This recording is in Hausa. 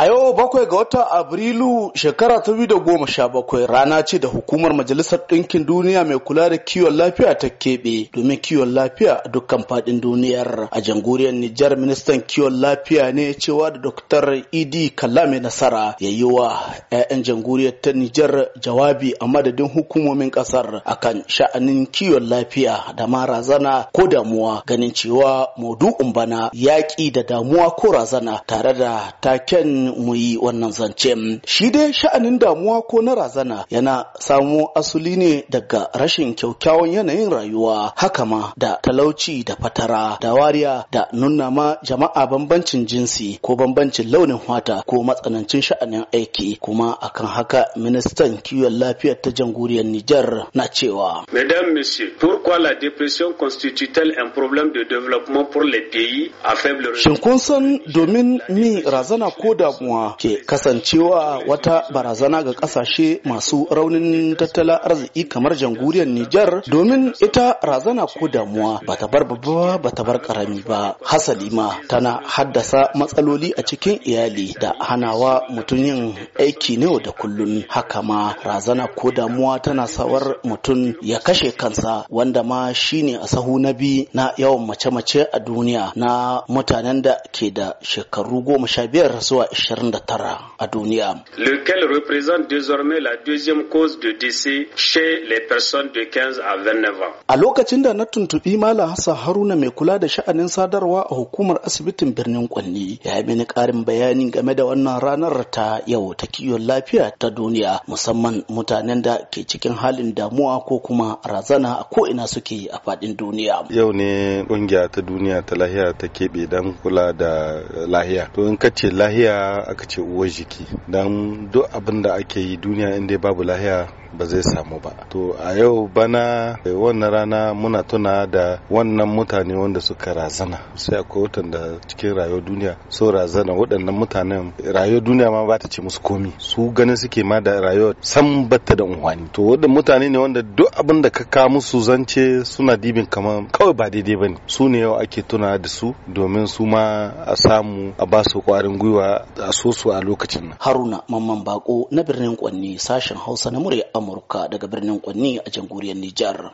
A yau bakwai ga watan Abrilu shekara ta da goma sha bakwai rana ce da hukumar Majalisar Ɗinkin Duniya mai kula da kiwon lafiya ta keɓe domin kiwon lafiya a dukkan faɗin duniyar. A jamhuriyar Nijar ministan kiwon lafiya ne cewa da Dr. Idi e Kalame Nasara ya yi wa 'ya'yan jamhuriyar ta Nijar jawabi a madadin hukumomin ƙasar akan sha'anin kiwon lafiya da ma razana ko damuwa ganin cewa maudu'un bana yaƙi da damuwa ko razana tare da taken mu yi wannan zance. Shi dai sha'anin damuwa ko na razana yana samo asuli ne daga rashin kyaukyawan yanayin rayuwa haka ma da talauci da fatara da wariya da nuna ma jama'a bambancin jinsi ko bambancin launin fata ko matsanancin sha'anin aiki kuma akan haka ministan kiwon lafiya ta jamhuriyar Nijar na cewa. Mesdames, messieurs, pourquoi la dépression constitue-t-elle un problème de développement pour les pays à Shin kun san domin mi razana ko da Wa ke kasancewa wata barazana ga kasashe masu raunin tattala arziki kamar jamhuriyar Nijar domin ita razana ko damuwa ba ta bar babba ba ta bar karami ba hasali ma tana haddasa matsaloli a cikin iyali da hanawa mutum yin aiki na da kullum? haka ma razana ko damuwa tana sawar mutum ya kashe kansa wanda ma shine a sahu na bi na yawan mace-mace a duniya na mutanen da ke da shekaru goma sha biyar zuwa 29 a duniya. Lequel représente désormais la deuxième cause de décès chez les personnes de 15 à 29 ans. A lokacin da na tuntubi Malam Hassan Haruna mai kula da sha'anin sadarwa a hukumar asibitin birnin Kwanni ya yi mini ƙarin bayani game da wannan ranar ta yau ta kiwon lafiya ta duniya musamman mutanen da ke cikin halin damuwa ko kuma razana a ko'ina suke a faɗin duniya. Yau ne kungiya ta duniya ta lahiya ta keɓe don kula da lahiya. To in ka ce lahiya aka ce uwar jiki don duk abin da ake yi duniya inda babu lahiya ba zai samu ba to a yau bana eh, wannan rana muna tuna da wannan mutane wanda suka razana sai akwai watan da cikin rayuwar duniya so razana waɗannan mutanen rayuwar duniya ma ba ta ce musu komi su ganin suke ma da rayuwar san batta da unhwani to waɗannan mutane ne wanda duk abin da ka kawo musu zance suna dibin kamar kawai ba daidai ba ne su ne yau ake tuna da su domin su ma a samu a ba su kwarin gwiwa a so su a lokacin nan haruna mamman bako na birnin kwanne sashen hausa na murya Amurka daga birnin Kwanni a jamhuriyar Nijar.